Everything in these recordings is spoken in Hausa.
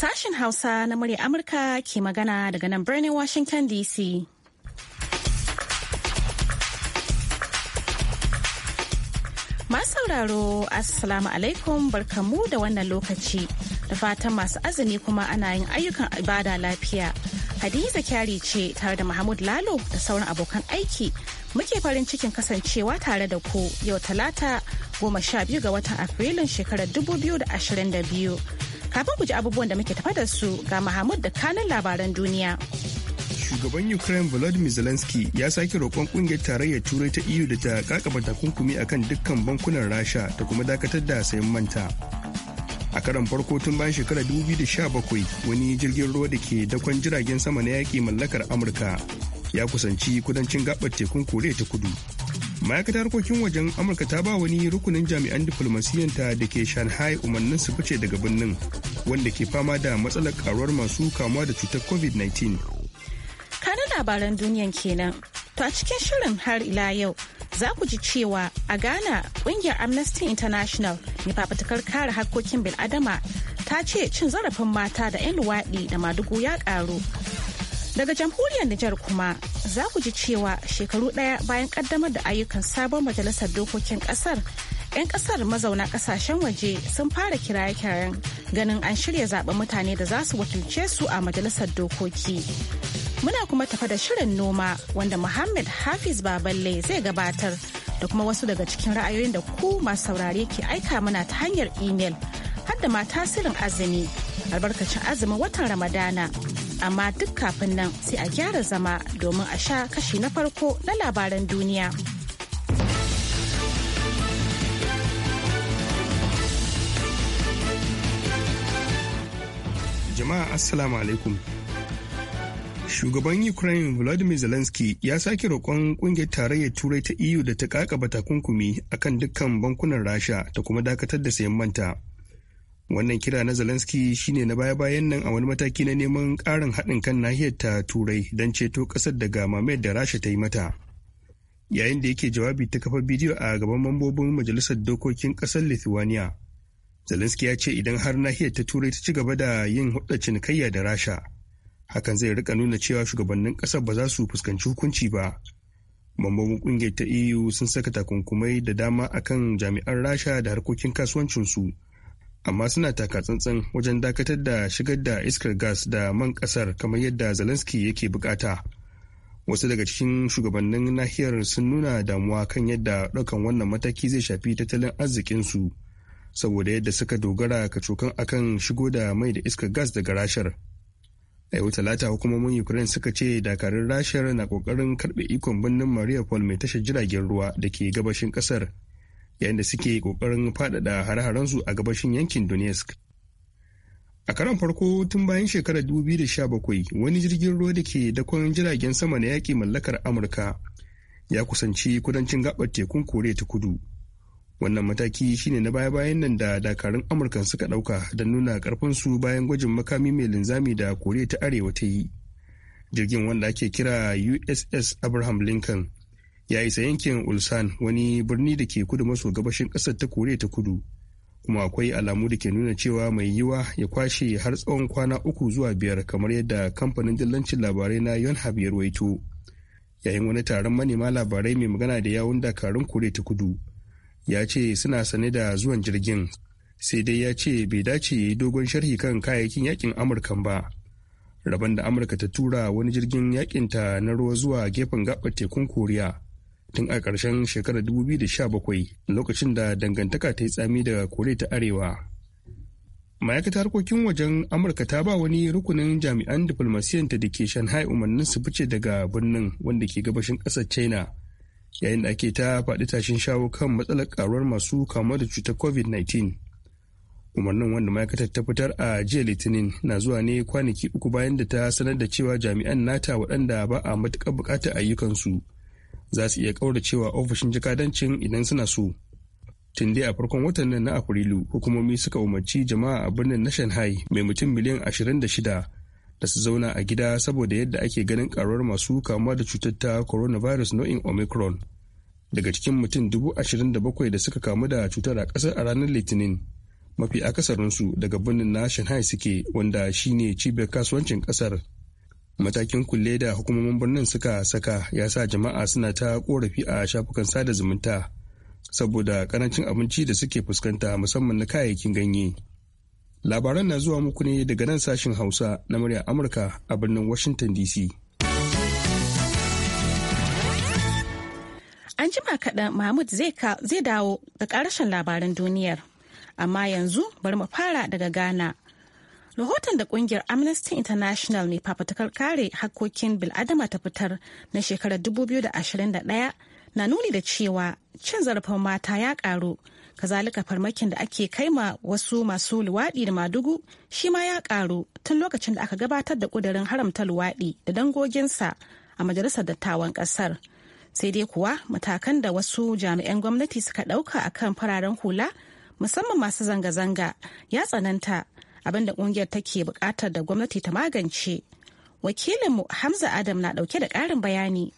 Sashen Hausa na murya Amurka ke magana daga nan birnin Washington DC. Masu sauraro, Assalamu alaikum barkamu da wannan lokaci. Da fatan masu azumi kuma ana yin ayyukan ibada lafiya. Hadiza kyari ce tare da Mahmud Lalo da sauran abokan aiki muke farin cikin kasancewa tare da ku yau talata goma sha biyu ga watan Afrilun shekarar 2022. Kafin ku ji abubuwan da muke tafa da su ga Mahmud da kanun labaran duniya. Shugaban Ukraine Volodymyr Zelensky ya sake roƙon ƙungiyar tarayyar Turai ta EU da ta kakaba takunkumi kan dukkan bankunan Rasha da kuma dakatar da sayan manta. a karan farko tun bayan shekarar 2017 wani jirgin ruwa da ke dakon jiragen sama na yaƙi mallakar amurka ya kusanci kudancin gabar tekun koriya ta kudu ma'aikatar harkokin wajen amurka ta ba wani rukunin jami'an diflomasiyanta da ke shanghai umarnin su fice daga birnin wanda ke fama da matsalar karuwar masu kamuwa da cutar covid-19 kana labaran duniyan kenan to a cikin shirin har ila yau za ku ji cewa a ghana kungiyar amnesty international mai fafatakar kare harkokin bil'adama ta ce cin zarafin mata da 'yan luwaɗi da madugu ya ƙaru Daga jamhuriyar Nijar kuma za ku ji cewa shekaru ɗaya bayan ƙaddamar da ayyukan sabon majalisar dokokin ƙasar 'yan kasar mazauna kasashen waje sun fara kiraye-kirayen ganin an shirya zaɓen mutane da za su wakilce su a majalisar dokoki. Muna kuma tafa da shirin noma wanda Muhammad Hafiz Baballe zai gabatar da kuma wasu daga cikin ra'ayoyin da ku masu saurare ke aika mana ta hanyar imel har da ma tasirin azumi albarkacin azumin watan Ramadana. amma duk kafin nan sai a gyara zama domin a sha kashi na farko na labaran duniya. Jama'a Assalamu alaikum. Shugaban Ukraine Volodymyr Zelensky ya sake roƙon ƙungiyar tarayyar Turai ta EU da ta kakaba takunkumi akan dukkan bankunan Rasha ta kuma dakatar da sayan manta. wannan kira na zelensky shine na baya-bayan nan a wani mataki na neman ƙarin haɗin kan nahiyar ta turai don ceto ƙasar daga mamayar da rasha ta yi mata yayin da yake jawabi ta kafa bidiyo a gaban mambobin majalisar dokokin ƙasar lithuania zelensky ya ce idan har nahiyar ta turai ta ci gaba da yin hudda cinikayya da rasha hakan zai rika nuna cewa shugabannin ƙasar ba za su fuskanci hukunci ba mambobin ƙungiyar ta eu sun saka takunkumai da dama akan jami'an rasha da harkokin kasuwancinsu su amma suna taka tsantsan wajen dakatar da shigar da iskar gas da man kasar kamar yadda zelensky yake bukata wasu daga cikin shugabannin nahiyar sun nuna damuwa kan yadda ɗaukan wannan mataki zai shafi tattalin arzikinsu saboda yadda suka dogara ka kacokan akan shigo da mai da iskar gas daga rashar a yau talata hukumomin ukraine suka ce dakarun rashar na ƙoƙarin karbe ikon birnin mariupol mai tashar jiragen ruwa da ke gabashin ƙasar. yayin da suke kokarin faɗaɗa hare-harensu a gabashin yankin donetsk a karon farko tun bayan shekarar 2017 wani jirgin ruwa da ke dakon jiragen sama na yaƙi mallakar amurka ya kusanci kudancin gabar tekun koriya ta kudu wannan mataki shine na baya-bayan nan da dakarun amurka suka ɗauka don nuna ƙarfinsu bayan gwajin makami mai linzami da koriya ta arewa ta yi jirgin wanda ake kira uss abraham lincoln ya isa yankin ulsan wani birni da ke kudu maso gabashin ƙasar ta koriya ta kudu kuma akwai alamu da ke nuna cewa mai yiwa ya kwashe har tsawon kwana uku zuwa biyar kamar yadda kamfanin dillancin labarai na yonhap ya ruwaito yayin wani taron manema labarai mai magana da yawun dakarun koriya ta kudu ya ce suna sane da zuwan jirgin sai dai ya ce bai dace ya yi dogon sharhi kan kayayyakin yakin amurkan ba rabon da amurka ta tura wani jirgin yakinta na ruwa zuwa gefen gabar tekun koriya tun a ƙarshen shekarar 2017 lokacin da dangantaka ta yi tsami da koriya ta arewa ma'aikatar harkokin wajen amurka ta ba wani rukunin jami'an diflomasiyanta da ke shanghai umarnin su fice daga birnin wanda ke gabashin ƙasar china yayin da ake ta faɗi tashin shawo kan matsalar ƙaruwar masu kamuwa da cutar covid-19 umarnin wanda ma'aikatar ta fitar a jiya litinin na zuwa ne kwanaki uku bayan da ta sanar da cewa jami'an nata waɗanda ba a matuƙar buƙatar ayyukansu su za su iya cewa ofishin jikadancin idan suna so. Tunde a farkon watan nan na afrilu hukumomi suka umarci jama'a a birnin na shanghai mai mutum miliyan 26 da su zauna a gida saboda yadda ake ganin karuwar masu kamuwa da cutar ta coronavirus nau'in omicron daga cikin mutum 27,000 da suka kamu da cutar a ƙasar a ranar litinin mafi akasarinsu daga birnin na shanghai suke wanda shine cibiyar kasuwancin ƙasar. matakin kulle da hukumomin birnin suka saka ya sa jama'a suna ta korafi a shafukan sada zumunta saboda karancin abinci da suke fuskanta musamman na kayayyakin ganye labaran na zuwa muku ne daga nan sashen hausa na murya amurka a birnin washington dc an jima kaɗan mahmud zai dawo da ƙarashin labaran duniyar amma yanzu bari mu fara daga ghana rahoton da kungiyar amnesty international mai fafatakar kare hakkokin bil'adama ta fitar na shekarar 2021 na nuni da cewa cin zarafin mata ya karu kazalika farmakin da ake kai kaima wasu masu luwaɗi da madugu shi ma ya karu tun lokacin da aka gabatar da ƙudurin haramta luwaɗi da dangoginsa a majalisar dattawan ƙasar sai dai kuwa matakan da wasu jami'an gwamnati suka ɗauka akan fararen hula musamman masu zanga-zanga ya tsananta abinda kungiyar take bukatar da gwamnati ta magance wakilinmu hamza adam na dauke da karin bayani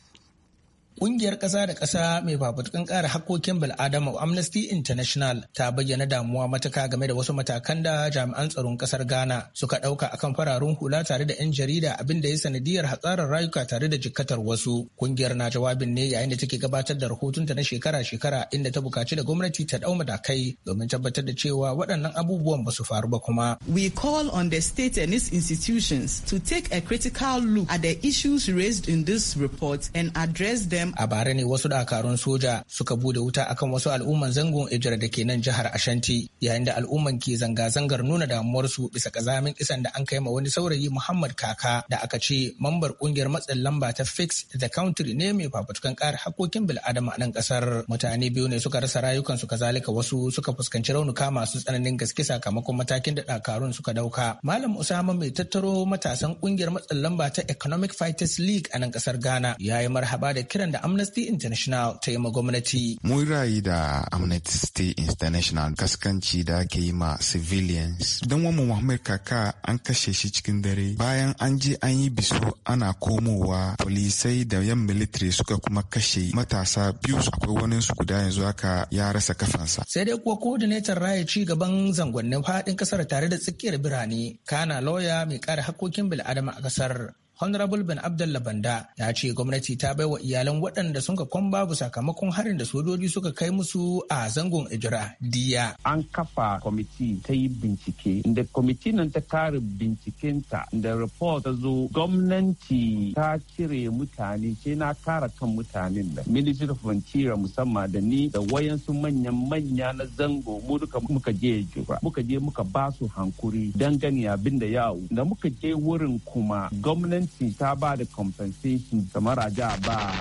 Ƙungiyar ƙasa da ƙasa mai fafutukan ƙara haƙƙoƙin bil'adama Amnesty International ta bayyana damuwa matuka game da wasu matakan da jami'an tsaron ƙasar Ghana suka ɗauka a kan fararen hula tare da 'yan jarida abin da ya sanadiyar hatsarin rayuka tare da jikkatar wasu. Ƙungiyar na jawabin ne yayin da take gabatar da rahotonta na shekara-shekara inda ta buƙaci da gwamnati ta ɗau matakai domin tabbatar da cewa waɗannan abubuwan ba su faru ba kuma. We call on the state and its institutions to take a critical look at the issues raised in this report and address them Belem a bara ne wasu dakarun soja suka bude wuta akan wasu al'umman zangon Ejira da ke nan jihar Ashanti yayin da al'umman ke zanga-zangar nuna damuwarsu bisa kazamin kisan da an kai ma wani saurayi Muhammad Kaka da aka ce mambar kungiyar matsin lamba ta Fix the Country ne mai fafutukan ƙara hakokin bil'adama a nan kasar mutane biyu ne suka rasa rayukansu kazalika wasu suka fuskanci raunuka masu tsananin gaske sakamakon matakin da dakarun suka dauka. Malam Usama mai tattaro matasan kungiyar matsin lamba ta Economic Fighters League a nan kasar Ghana ya yi marhaba da kiran da Amnesty International ta yi ma gwamnati. Mun rayu da Amnesty International kaskanci da ake yi ma civilians. Don wani Muhammad Kaka an kashe shi cikin dare bayan an je an yi biso ana komowa polisai da yan military suka kuma kashe matasa biyu akwai wani su guda yanzu haka ya rasa kafansa. Sai dai kuwa coordinator raya ci gaban zangonnin faɗin kasar tare da tsakiyar birane kana lauya mai kare hakokin bil'adama a ƙasar? Honorable Ben Abdalla Banda ya ce gwamnati ta bai wa iyalan waɗanda sun ka kwan babu sakamakon harin da sojoji suka kai musu a zangon Ijira diya. An kafa kwamiti ta yi bincike, da kwamiti nan ta kare bincikenta da report ta zo gwamnati ta cire mutane sai na kara kan mutanen da. Ministry of Frontier musamman da ni da wayansu manya-manya na zango mu duka muka je jura. Muka je muka ba su hankuri dangane abin da yawo. Da muka je wurin kuma gwamnati gwamnati ta ba da compensation kamar a ja ba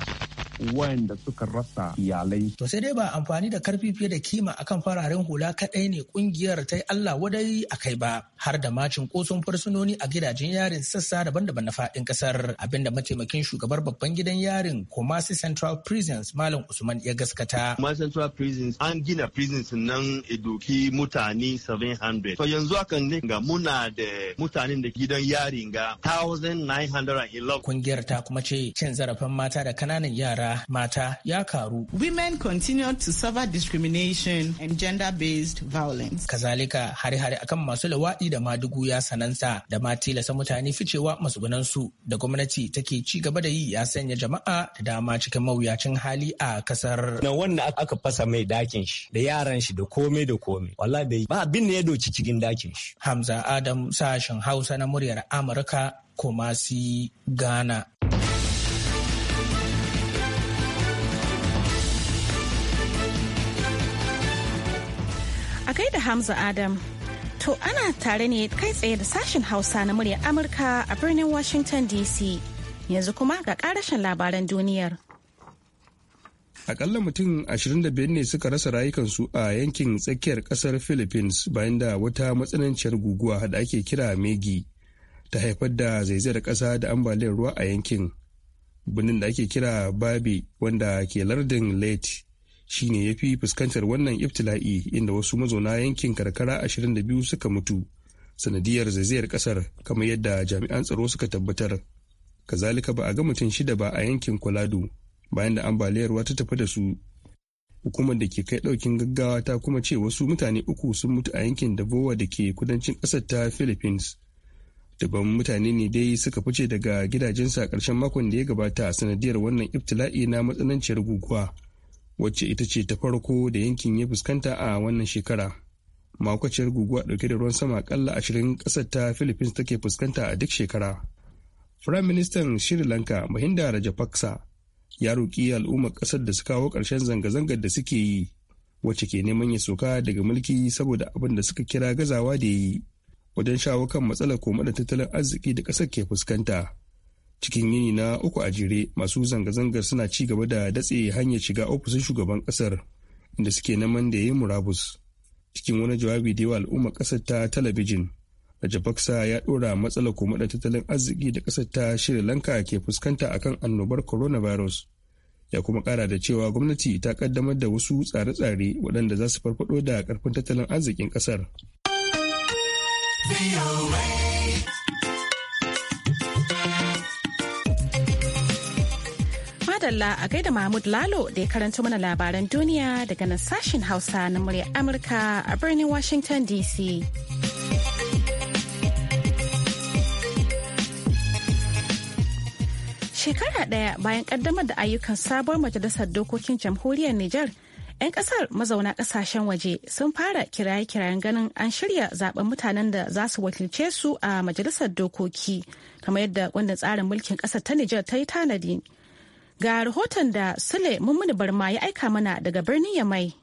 wayanda suka rasa iyalai. To sai dai ba amfani da karfi fiye da kima akan fararen hula kaɗai ne ƙungiyar ta yi Allah wadai a kai ba har da macin kosun fursunoni a gidajen yarin sassa daban-daban na fadin ƙasar abinda mataimakin shugabar babban gidan yarin Kumasi Central Prisons Malam Usman ya gaskata. Kumasi Central Prisons an gina prisons nan idoki e mutane 700. To yanzu akan ne ga muna da mutanen da gidan yarin ga 1911. Kungiyar ta kuma ce cin zarafin mata da kananan yara mata ya karu. Women continue to suffer discrimination and gender-based violence. Kazalika hare-hare akan masu lawaɗi da madugu ya sanansa, da ma tilasa mutane ficewa matsugunansu da gwamnati take ci gaba da yi ya sanya jama'a da dama cikin mawuyacin hali a kasar. Na wanda aka fasa mai dakin shi da yaran shi da kome da kome. Walla da ba abin da ya doci cikin dakin shi. Hamza Adam sashen Hausa na muryar Amurka Kumasi Ghana. a gaida Hamza Adam. To ana tare ne kai tsaye da sashen Hausa na muryar Amurka a birnin Washington DC. Yanzu kuma ga karashin labaran duniyar. Akalla mutum 25 ne suka rasa rayukansu a yankin tsakiyar kasar Philippines bayan da wata matsananciyar guguwa da ake kira Megi ta haifar da zaizayar ƙasa da ambaliyar ruwa a yankin. Birnin da ake kira Babi wanda ke lardin Leyte shine ya fi fuskantar wannan iftila'i inda wasu mazauna yankin karkara 22 suka mutu sanadiyar zaizayar kasar kamar yadda jami'an tsaro suka tabbatar kazalika ba a ga mutum shida ba a yankin kwalado bayan da ambaliyar ta tafi da su hukumar da ke kai daukin gaggawa ta kuma ce wasu mutane uku sun mutu a yankin dabowa da ke kudancin kasar ta philippines daban mutane ne dai suka fice daga gidajensa a karshen makon da ya gabata sanadiyar wannan iftila'i na matsananciyar guguwa wacce ita ce ta farko da yankin ya fuskanta a wannan shekara makwaciyar guguwa ɗauke da ruwan sama akalla ashirin ƙasar ta philippines take fuskanta a duk shekara firayim ministan sri lanka mahinda rajapaksa ya roƙi al'ummar ƙasar da su kawo ƙarshen zanga-zangar da suke yi wacce ke neman ya soka daga mulki saboda abin da suka kira gazawa da ya yi wajen shawo kan matsalar koma da tattalin arziki da ƙasar ke fuskanta cikin yini na uku a jere masu zanga-zangar suna ci gaba da datse hanyar shiga ofishin shugaban kasar inda suke neman da ya murabus cikin wani jawabi da yawa al'umma kasar ta talabijin Rajapaksa ya ɗora matsalar da tattalin arziki da ƙasar ta Sri Lanka ke fuskanta akan annobar coronavirus. Ya kuma ƙara da cewa gwamnati ta ƙaddamar da wasu tsare-tsare waɗanda za su farfaɗo da karfin tattalin arzikin ƙasar. madalla a gaida Mahmud Lalo da ya karanta mana labaran duniya daga nan sashen Hausa na muryar Amurka a birnin Washington DC. Shekara ɗaya bayan ƙaddamar da ayyukan sabuwar majalisar dokokin jamhuriyar Nijar, 'yan ƙasar mazauna ƙasashen waje sun fara kiraye-kirayen ganin an shirya zaben mutanen da za su wakilce su a majalisar dokoki, kamar yadda wanda tsarin mulkin ƙasar ta Nijar ta yi tanadi. Ga rahoton da Sule Mummuni Barma ya aika mana daga birnin Yamai.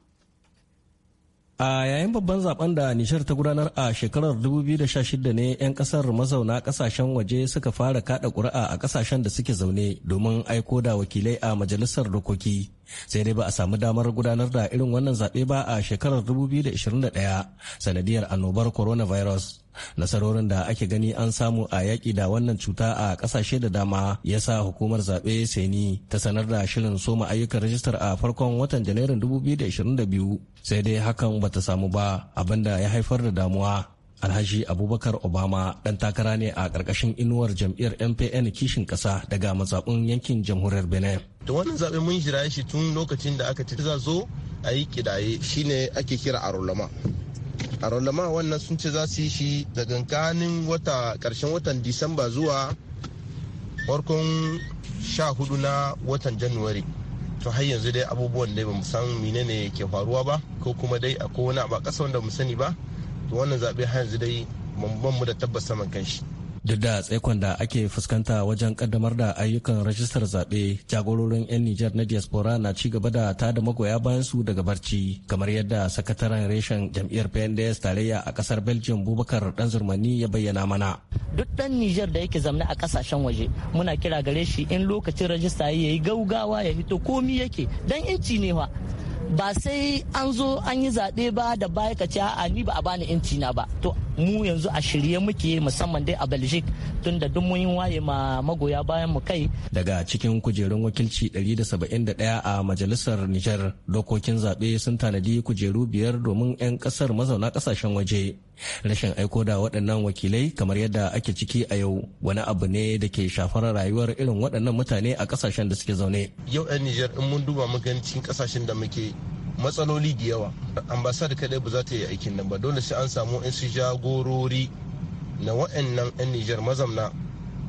A yayin babban zaben da Nishar ta gudanar a shekarar 2016 ne 'yan kasar mazauna kasashen waje suka fara kada ƙuri'a a kasashen da suke zaune domin aiko da wakilai a majalisar dokoki. Sai dai ba a samu damar gudanar da irin wannan zaɓe ba a shekarar 2021 sanadiyar annobar coronavirus. nasarorin da ake gani an samu a yaƙi da wannan cuta a ƙasashe da dama ya sa hukumar zaɓe seni ta sanar da shirin soma ayyukan rajistar a farkon watan janairun 2022 sai dai hakan bata samu ba abinda ya haifar da damuwa alhaji abubakar obama ɗan takara ne a ƙarƙashin inuwar jam'iyyar mpn kishin ƙasa daga mazaɓin yankin jamhuriyar benin da wannan zaɓe mun shirya shi tun lokacin da aka ce za zo a yi kidaye shine ake kira arulama a wannan sun ce za su yi shi daga kanin wata karshen watan disamba zuwa farkon sha hudu na watan januwari to har yanzu dai abubuwan dai bamu san menene ke faruwa ba ko kuma dai akwai wani abu a ƙasa wanda mu sani ba to wannan zaɓe har yanzu dai ban mu da tabbas saman kanshi. shi Duk da tsaikon da ake fuskanta wajen kaddamar da ayyukan rajistar zaɓe, jagororin 'yan Nijar na diaspora na ci gaba da tada magoya bayan su daga barci, kamar yadda sakataren reshen jam'iyyar PNDS tarayya a ƙasar Belgium Bubakar zurmani ya bayyana mana. Duk ɗan Nijar da yake zamna a kasashen waje, muna kira gare shi in lokacin rajista ya yi gaugawa ya fito komi yake, dan inci ne wa. ba sai an zo an yi zaɓe ba da baya ka ce a ni ba a bani inci na ba to mu yanzu a shirye muke musamman dai a belgique tunda duk mun waye ma magoya bayan mu kai daga cikin kujerun wakilci 171 a majalisar niger dokokin zaɓe sun tanadi kujeru biyar domin 'yan ƙasar mazauna kasashen waje rashin aiko da waɗannan wakilai kamar yadda ake ciki a yau wani abu ne da ke shafar rayuwar irin waɗannan mutane a kasashen da suke zaune yau 'yan niger in mun duba mu cikin ƙasashen da muke matsaloli da yawa ambasada kadai ba za ta yi aikin nan ba dole sai an samu in su jagorori na wa'annan 'yan nijar mazamna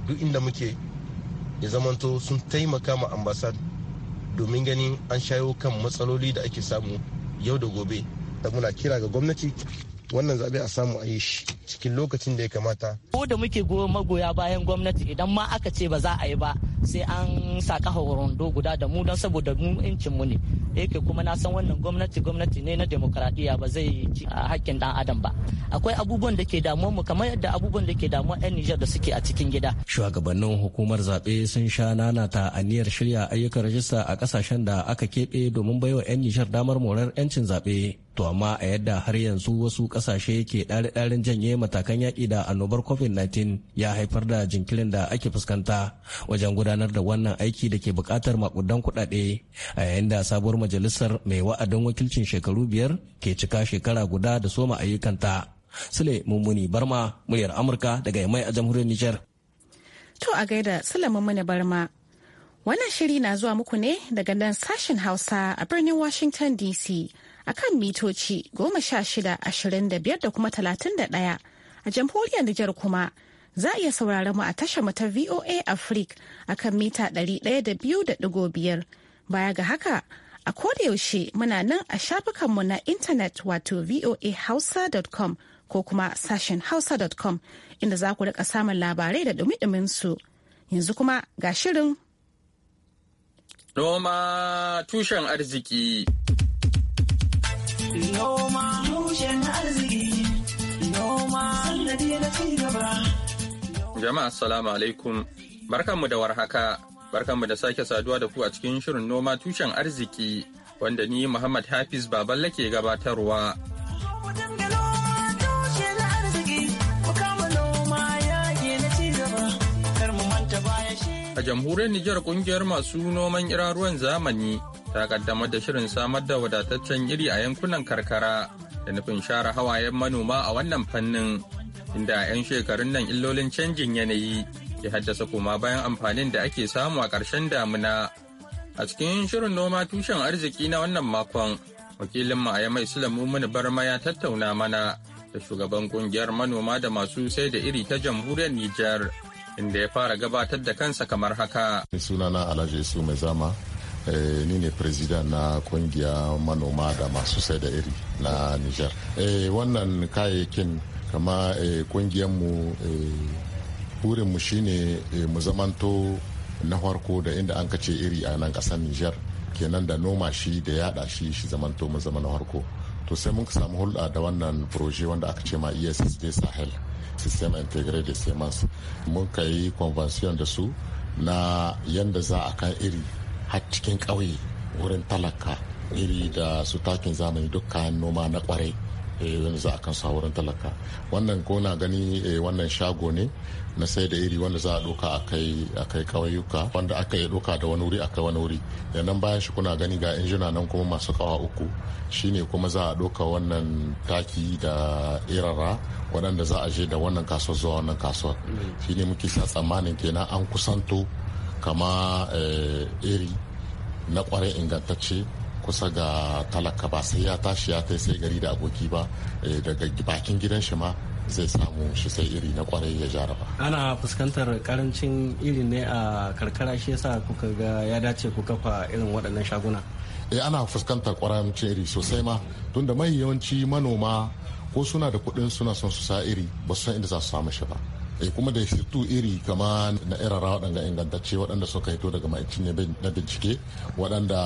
duk inda muke ya zamanto sun taimaka ma ambasad domin ganin an shayo kan matsaloli da ake samu yau da gobe da muna kira ga gwamnati wannan zaɓe a samu a yi shi cikin lokacin da ya kamata. Ko da muke goyon magoya bayan gwamnati idan ma aka ce ba za a yi ba sai an sa kafa rondo guda da mu don saboda mu incin mu ne yake kuma na san wannan gwamnati gwamnati ne na demokradiyya ba zai ci hakkin dan adam ba akwai abubuwan da ke damuwa mu kamar yadda abubuwan da ke damuwa yan Nijar da suke a cikin gida shugabannin hukumar zabe sun sha nanata aniyar shirya ayyukan rajista a kasashen da aka keɓe domin baiwa yan Nijar damar morar yancin zabe to amma a yadda har yanzu wasu kasashe ke ɗari-ɗarin janye matakan yaƙi da annobar covid-19 ya haifar da jinkirin da ake fuskanta wajen gudanar da wannan aiki da ke buƙatar makudan kuɗaɗe a yayin da sabuwar majalisar mai wa'adin wakilcin shekaru biyar ke cika shekara guda da soma ayyukanta sule mummuni barma muryar amurka daga mai a jamhuriyar nijar to a gaida sule mummuni barma wannan shiri na zuwa muku ne daga nan sashen hausa a birnin washington dc a kan mitoci 1625 da kuma 31 a jamhuriyar Nijar kuma za a iya saurari mu a tashar mu ta VOA Africa a kan mita 102.5 baya ga haka a yaushe muna nan a shafukanmu na intanet wato voahausa.com ko kuma sashen hausa.com inda za ku rika samun labarai da dumi su yanzu kuma ga shirin Noma tushen arziki. Noma tushen arziki. Noma sannadi na cigaba. Jama'a assalamu alaikum. Barkanmu da warhaka. Barkanmu da sake saduwa da ku a cikin shirin noma tushen arziki wanda ni Muhammad Hafiz Baballe ke gabatarwa. A jamhuriyar Nijar kungiyar masu noman iraruwan zamani ta kaddamar da shirin samar da wadataccen iri a yankunan karkara da nufin share hawayen manoma a wannan fannin inda 'yan shekarun nan illolin canjin yanayi ke haddasa koma bayan amfanin da ake samu a ƙarshen damuna. A cikin shirin noma tushen arziki na wannan makon, wakilin ma'aya mai Sulamu Mini Barma ya tattauna mana da shugaban kungiyar manoma da masu sai da iri ta jamhuriyar Nijar, inda ya fara gabatar da kansa kamar haka. Sunana Alhaji Su Mai Zama, Eh, ni ne president na kungiya manoma da masu sai da iri na niger eh, wannan kayayyakin kama eh, kungiyarmu burinmu shine mu zamanto na farko da inda an kace iri a nan kasar niger kenan da noma shi da yada shi shi zamanto mu zama na farko to sai mun samu hulɗa da wannan proje wanda aka ce ma essd sahel system integrated de semence mun kai convention da su na yanda za a kan iri har cikin ƙauye wurin talaka iri da su takin zamani duk kayan noma na kwarai yanzu eh, za a kan sa wurin talaka wannan ko gani eh, wannan shago ne na sai da iri wanda za a doka a kai ƙauyuka wanda aka yi doka da wani wuri a kai wani wuri nan bayan shi kuna gani ga injina nan kuma masu kawa uku shine kuma za a doka wannan taki da irara waɗanda za a je da wannan kasuwar zuwa wannan kasuwar mm. shine muke sa tsammanin kenan an kusanto kama eh, iri na kwarai ingantacce kusa ga talaka ba sai ya tashi ya tai sai gari da aboki ba eh, daga bakin gidan shi ma zai samu shi sai iri na kwarai ya jaraba. ana fuskantar karancin iri ne a karkara shi yasa kuka ga ya dace ku kafa irin waɗannan shaguna eh ana fuskantar karancin iri sosai ma tunda mai yawanci manoma ko suna da kuɗin suna son su sa iri ba su san inda za su samu shi ba Eh, kuma da shirtu iri kama na irara waɗanda ingantacce waɗanda suka hito daga ma'aikacin na bincike waɗanda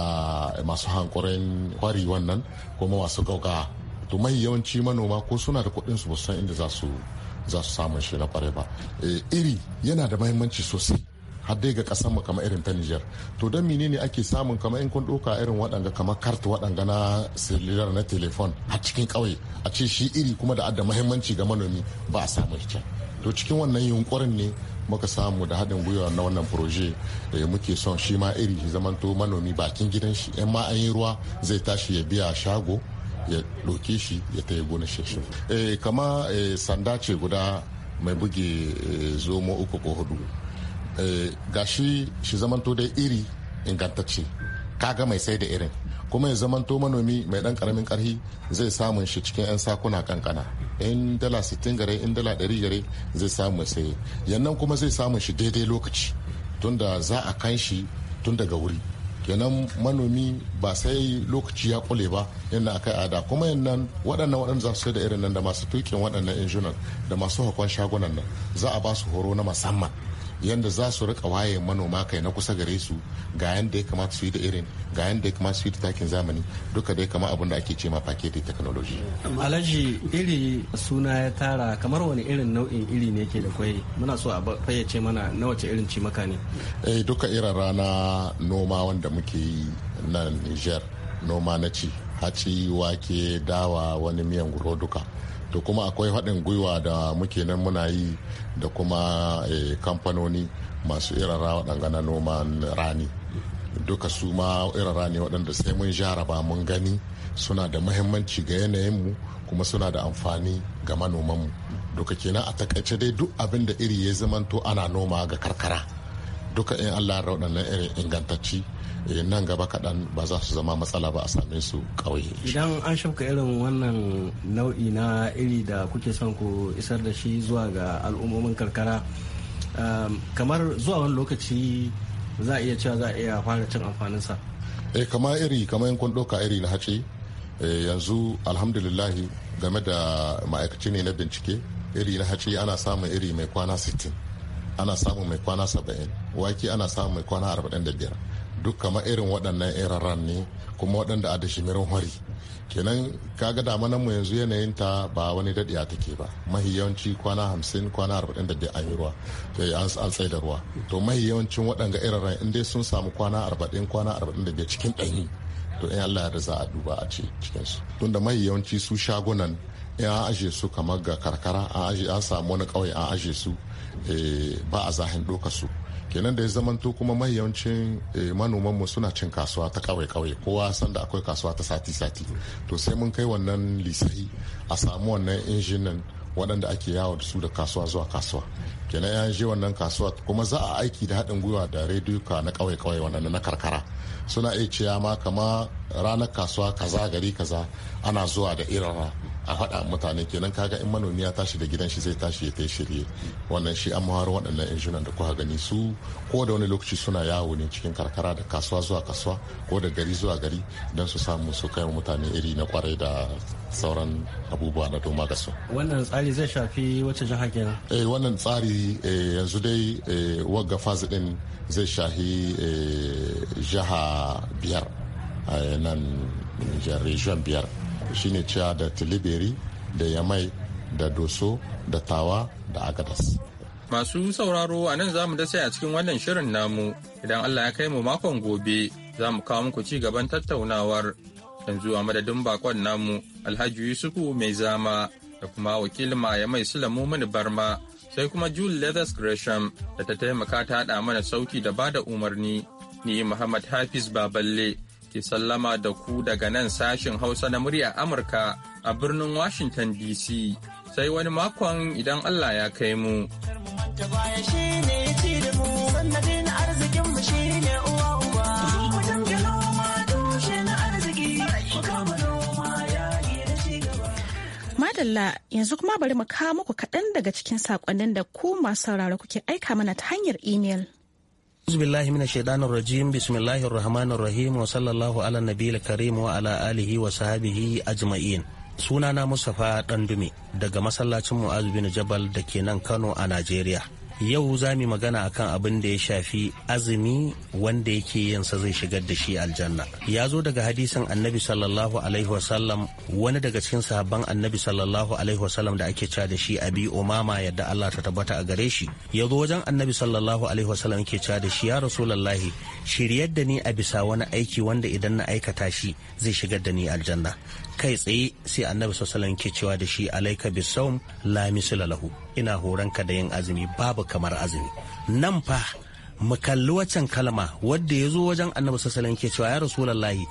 masu hankurin kwari wannan kuma masu gauka to mai yawanci manoma ko suna da kuɗin su san inda za su za su samu shi na kwarai ba eh, iri yana da mahimmanci sosai har dai ga kasan mu kamar irin ta Niger to dan menene ake samun kamar in kun doka irin waɗanda kamar kartu waɗanda na cellular na telefon a cikin ƙauye a ce shi iri kuma da adda mahimmanci ga manomi ba a samu shi can to cikin wannan yunkurin ne muka samu da haɗin gwiwa na wannan proje da muke son shi ma iri zamanto manomi bakin gidan shi yan ma an ruwa zai tashi ya biya shago ya ɗauke shi ya ta yi gona shi eh, kama eh, sanda ce guda mai buge eh, zomo uku ko hudu gashi shi zamanto dai iri ingantacce kaga mai sai da irin kuma ya zamanto manomi mai dan karamin karhi zai samun shi cikin 'yan sakuna kankana in dala 60 gare in dala 100 gare zai samu sai yannan kuma zai samu shi daidai lokaci tunda za a kan shi tun daga wuri yanan manomi ba sai lokaci ya kule ba yana aka yi ada kuma yannan waɗannan waɗanda za su da irin nan da masu tukin waɗannan injunan da masu hakon shagunan nan za a ba su horo na musamman yadda za su rika waye manoma kai na kusa gare su ga yadda ya kamata su yi da irin ga yadda ya kamata su yi da takin zamani duka dai kama abin da ake ce ma paketi technology alhaji iri suna ya tara kamar wani irin nau'in iri ne ke da kwai muna so a fayyace mana na wace irin ci maka ne eh duka irin rana noma wanda muke yi na niger noma na ci haci wake dawa wani miyan guro duka to kuma akwai haɗin gwiwa da muke nan muna yi da kuma eh, kamfanoni masu irin waɗanga na noman rani duka su ma irin rani waɗanda sai mun jaraba mun gani suna da mahimmanci ga yanayin mu kuma suna da amfani ga manomanmu duka kenan a takaice dai duk abin da iri ya zamanto ana noma ga karkara duka in allah waɗannan irin ingantacci Eh, nan gaba kaɗan ba za su zama matsala ba a same su ƙauye. idan an shafka irin wannan nau'i na iri da kuke son ku isar da shi zuwa ga al'ummomin karkara um, kamar zuwa wani lokaci za a iya cewa za a iya fara cin amfaninsa e kama iri kama yankun ɗauka iri na hace eh, yanzu alhamdulillahi game da ma'aikaci ne na bincike iri na hace ana samun iri mai kwana 60 ana samun mai kwana 70 wake ana samun mai kwana 45 duk kama irin waɗannan iraran ne kuma waɗanda a da shimirin hori kenan kaga damanan mu yanzu yanayin ta ba wani daɗiya take ba mahi yawanci kwana hamsin kwana arba'in da an yi ruwa an tsaye da ruwa to mahi yawancin waɗanga iraran in dai sun samu kwana arba'in kwana arba'in da biyar cikin ɗanyi to in allah da za a duba a ce su. tunda mahi yawanci su shagunan in an aje su kamar ga karkara an samu wani ƙauye an aje su eh, ba a zahin ɗoka su kenan da ya zamanto kuma mahiyancin eh, manoman mu suna cin kasuwa ta kauye kauye kowa san da akwai kasuwa ta sati sati to sai mun kai wannan lisahi a samu wannan injinan waɗanda ake yawo da su da kasuwa zuwa kasuwa kenan ya je wannan kasuwa kuma za a aiki da haɗin gwiwa da rediyoka na kawai kawai wannan na karkara suna iya cewa ma kama ranar kasuwa kaza gari kaza ana zuwa da irara a faɗa mutane kenan kaga in manomi ya tashi da gidan shi zai tashi ya tai shirye wannan shi an mawar waɗannan injunan da kuka gani su ko da wani lokaci suna yawo ne cikin karkara da kasuwa zuwa kasuwa ko da gari zuwa gari don su samu su kai mutane iri na kwarai da sauran abubuwa na doma ga su. Wannan tsari zai shafi wacce jiha kenan? Eh wannan tsari eh, yanzu dai eh, wagga fazi din zai shafi eh, jiha biyar a nan region biyar. shine cewa da tilibiri da yamai da doso da tawa da agadas masu sauraro a nan zamu da sai a cikin wannan shirin namu idan allah ya kai mu makon gobe za mu kawo muku ci gaban tattaunawar yanzu a madadin bakon namu alhaji yusufu mai zama da kuma wakilin maya mai sulamu mini barma sai kuma jule leathers gresham da ta taimaka ta haɗa mana sauki da bada umarni ni muhammad hafiz baballe ke sallama da ku daga nan sashin Hausa na murya Amurka a birnin Washington DC. Sai wani makon idan Allah ya kai mu. Madalla yanzu kuma bari mu kawo muku kaɗan daga cikin saƙonnin da ku masu sauraro kuke aika mana ta hanyar imel. أعوذ بالله من الشيطان الرجيم بسم الله الرحمن الرحيم وصلى الله على النبي الكريم وعلى آله وصحبه أجمعين sunana Mustapha Dandumi daga masallacin Mu'az bin Jabal da ke nan Kano a Najeriya. yau za mu magana akan abin da ya shafi azumi wanda yake yinsa zai shigar da shi aljanna ya zo daga hadisin annabi sallallahu alaihi wasallam wani daga cikin sahabban annabi sallallahu alaihi wasallam da ake cewa da shi abi umama yadda Allah ta tabbata a gare shi ya zo wajen annabi sallallahu alaihi wasallam yake cewa da shi ya rasulullahi shiryar da ni a bisa wani aiki wanda idan na aikata shi zai shigar da ni aljanna kai tsaye sai annabi sosalan ke cewa da shi alaika bisawm lamisu lalahu ina horanka da yin azumi babu kamar azumi nan fa mu kalli waccan kalma wadda ya zo wajen annabi sassalin ke cewa ya rasulallahi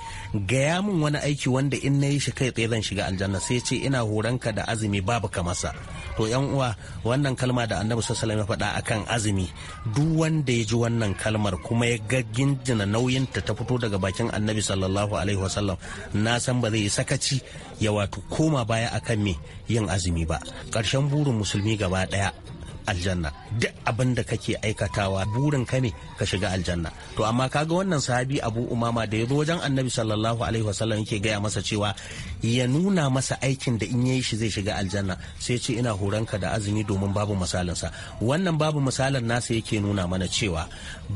gaya min wani aiki wanda in na yi shi kai tsaye zan shiga aljanna sai ce ina horanka da azumi babu kamasa to yan uwa wannan kalma da annabi sassalin ya faɗa akan azumi duk wanda ya ji wannan kalmar kuma ya ga gindina nauyin ta fito daga bakin annabi sallallahu alaihi wasallam na san ba zai yi sakaci ya wato koma baya akan me yin azumi ba Karshen burin musulmi gaba ɗaya aljanna duk abin da kake aikatawa burin ka ne ka shiga aljanna to amma kaga wannan sahabi abu umama da ya zo wajen annabi sallallahu alaihi wasallam yake gaya masa cewa ya nuna masa aikin da in yayi shi zai shiga aljanna sai ce ina horanka da azumi domin babu misalinsa wannan babu misalin nasa yake nuna mana cewa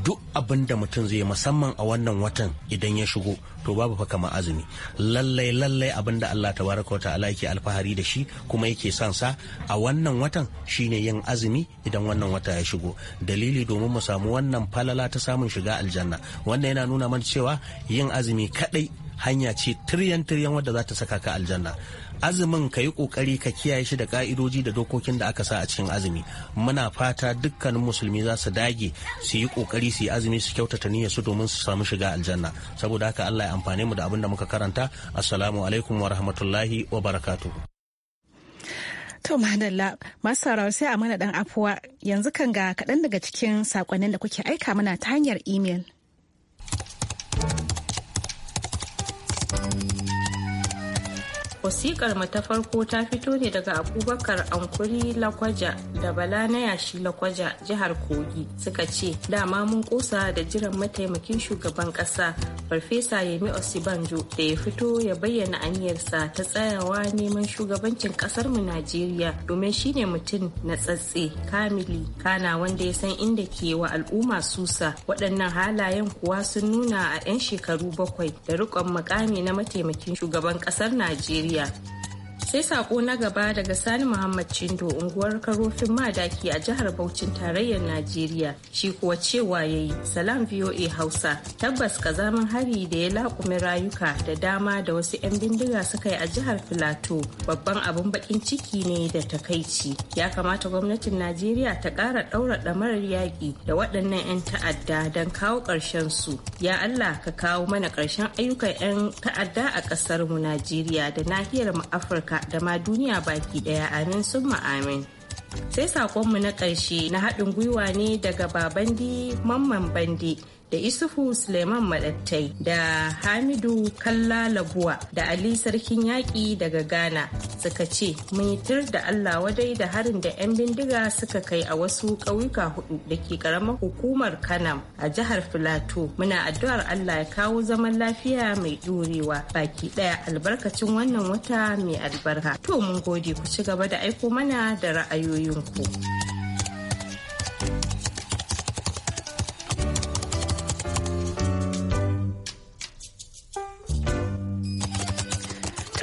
duk abin da mutum zai musamman a wannan watan idan ya shigo to babu fa kamar azumi lallai lallai abin da Allah tabaraka wa ta'ala yake alfahari da shi kuma yake son sa a wannan watan shine yin azumi azumi idan wannan wata ya shigo dalili domin mu samu wannan falala ta samun shiga aljanna wannan yana nuna mana cewa yin azumi kadai hanya ce tiryan tiryan wadda za ta saka ka aljanna azumin ka yi kokari ka kiyaye shi da ka'idoji da dokokin da aka sa a cikin azumi muna fata dukkanin musulmi za su dage su yi kokari su yi azumi su kyautata niyyar su domin su samu shiga aljanna saboda haka Allah ya amfane mu da abin da muka karanta assalamu alaikum wa rahmatullahi wa barakatuh To madalla masu sauraro sai a mana dan afuwa yanzu kan ga kaɗan daga cikin sakonnin da kuke aika mana ta hanyar imel. wasikar mu ta farko ta fito ne daga abubakar ankuri lakwaja da bala na yashi lakwaja jihar kogi suka ce dama mun kosa da jiran mataimakin shugaban kasa farfesa yemi osibanjo da ya fito ya bayyana aniyarsa ta tsayawa neman shugabancin kasar mu najeriya domin shine mutum na tsatse kamili kana wanda ya san inda ke wa al'umma susa waɗannan halayen kuwa sun nuna a 'yan shekaru bakwai da rikon makami na mataimakin shugaban kasar najeriya 对呀。sai sako na gaba daga sani muhammad cindo unguwar karofin madaki a jihar Bauchin tarayyar najeriya shi kuwa cewa ya yi salam voa hausa tabbas zaman hari da ya laƙumi rayuka da dama da wasu 'yan bindiga suka yi a jihar filato babban abin bakin ciki ne da takaici ya kamata gwamnatin najeriya ta ƙara ɗaura ɗamarar yaƙi da waɗannan 'yan ta'adda don kawo ƙarshen su ya allah ka kawo mana ƙarshen ayyukan 'yan ta'adda a ƙasar mu najeriya da nahiyar mu afirka da ma duniya baki daya amin sun amin. Sai sakonmu na ƙarshe na haɗin gwiwa ne daga Babandi Mamman Bandi. da isufu suleiman madattai da hamidu kalla labuwa da ali sarkin yaƙi daga ghana suka ce mun tir da allah wadai da harin da 'yan bindiga suka kai a wasu ƙauyuka hudu da ke ƙaramar hukumar kanam a jihar filato muna addu'ar allah ya kawo zaman lafiya mai ɗorewa baki ɗaya albarkacin wannan wata mai albarka to mun gode ku ci gaba da aiko mana da ra'ayoyinku.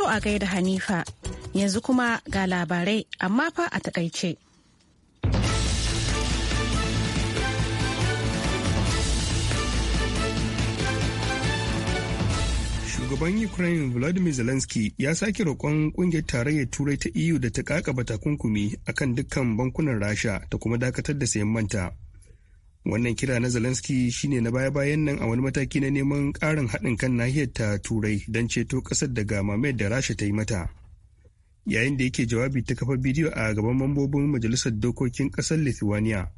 yau a gaida Hanifa, yanzu kuma ga labarai amma fa a takaice. shugaban ukraine vladimir zelensky ya sake roƙon ƙungiyar tarayyar turai ta eu da ta kakaba takunkumi akan dukkan bankunan rasha ta kuma dakatar da sayan manta wannan kira na zelensky shine na baya-bayan nan a wani mataki na neman karin haɗin kan nahiyar ta turai don ceto ƙasar daga mamayar da rasha ta yi mata yayin da yake jawabi ta kafa bidiyo a gaban mambobin majalisar dokokin ƙasar lithuania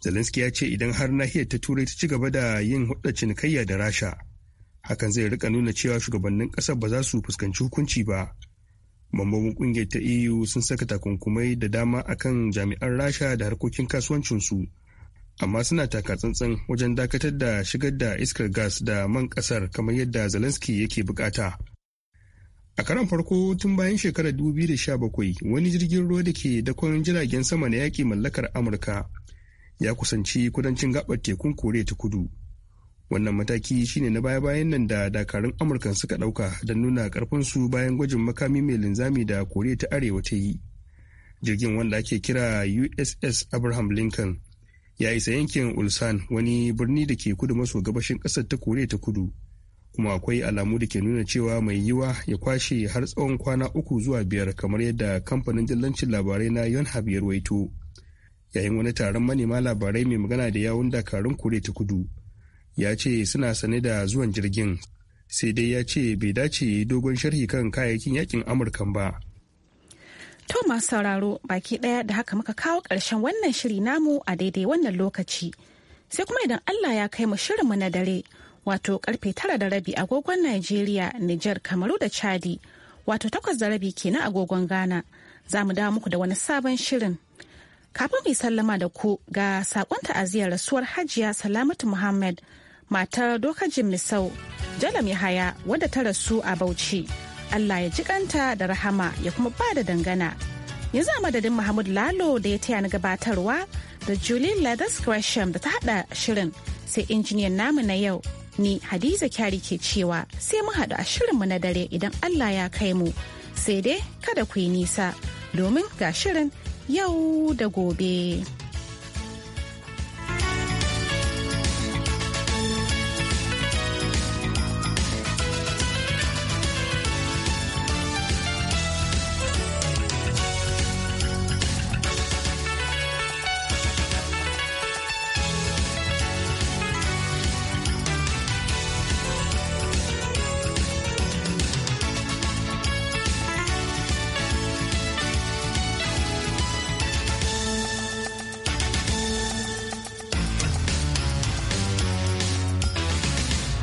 zelensky ya ce idan har nahiyar ta turai ta ci gaba da yin hudda cinikayya da rasha hakan zai rika nuna cewa shugabannin ƙasar ba za su fuskanci hukunci ba mambobin kungiyar ta eu sun saka takunkumai da dama akan jami'an rasha da harkokin kasuwancinsu su amma suna taka tsantsan wajen dakatar da shigar da iskar gas da man kasar kamar yadda zelensky yake bukata a karan farko tun bayan shekarar 2017 wani jirgin ruwa da ke dakon jiragen sama na yaƙi mallakar amurka ya kusanci kudancin gabar tekun koriya ta kudu wannan mataki shine na baya-bayan nan da dakarun amurka suka ɗauka don nuna ƙarfinsu bayan gwajin makami mai linzami da koriya ta arewa ta yi jirgin wanda ake kira uss abraham lincoln ya isa yankin ulsan wani birni da ke kudu maso gabashin ƙasar ta koriya ta kudu kuma akwai alamu da ke nuna cewa mai yiwa ya kwashe har tsawon kwana uku zuwa biyar kamar yadda kamfanin dillancin labarai na yonhap ya ruwaito yayin wani taron manema labarai mai magana da yawun dakarun kore ta kudu ya ce suna sane da zuwan jirgin sai dai ya ce bai dace dogon sharhi kan kayayyakin yakin amurkan ba To masu sauraro baki ɗaya da haka muka kawo ƙarshen wannan shiri namu a daidai wannan lokaci. Sai kuma idan Allah ya kai mu shirinmu na dare, wato karfe tara da rabi agogon Najeriya, Nijar, Kamaru da Chadi, wato takwas da rabi kenan agogon Ghana. Za mu dawo muku da wani sabon shirin. Kafin mai sallama da ku ga sakon ta'aziyar rasuwar Hajiya Salamatu Muhammad, matar Dokajin Misau, Jalam Yahaya, wadda ta rasu a Bauchi. Allah ya kanta da rahama ya kuma ba da dangana. Yanzu a madadin Mahmud Lalo da ya taya na gabatarwa da Julie Leathers Gresham da ta hada shirin sai injiniyan namu na yau ni Hadiza Kyari ke cewa sai mu haɗu a shirinmu na dare idan Allah ya kai mu sai dai kada ku yi nisa domin ga shirin yau da gobe.